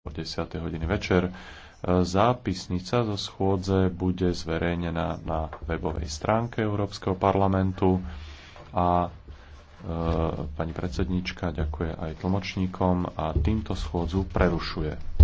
o 10. hodiny večer. E, zápisnica zo schôdze bude zverejnená na webovej stránke Európskeho parlamentu a e, pani predsednička ďakuje aj tlmočníkom a týmto schôdzu prerušuje.